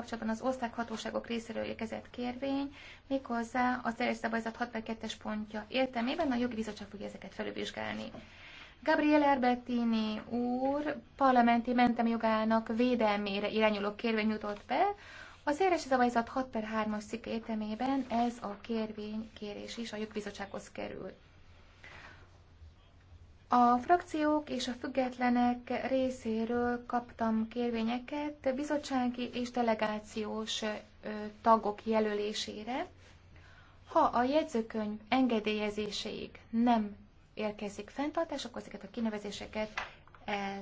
kapcsolatban az osztrák hatóságok részéről érkezett kérvény, méghozzá a teljes szabályzat 62-es pontja értelmében a jogi bizottság fogja ezeket felülvizsgálni. Gabriele Erbettini úr parlamenti mentem jogának védelmére irányuló kérvény jutott be, az éres szabályzat 6 per 3-as cikk értelmében ez a kérvény kérés is a jogbizottsághoz kerül. A frakciók és a függetlenek részéről kaptam kérvényeket bizottsági és delegációs tagok jelölésére. Ha a jegyzőkönyv engedélyezéséig nem érkezik fenntartás, akkor ezeket a kinevezéseket el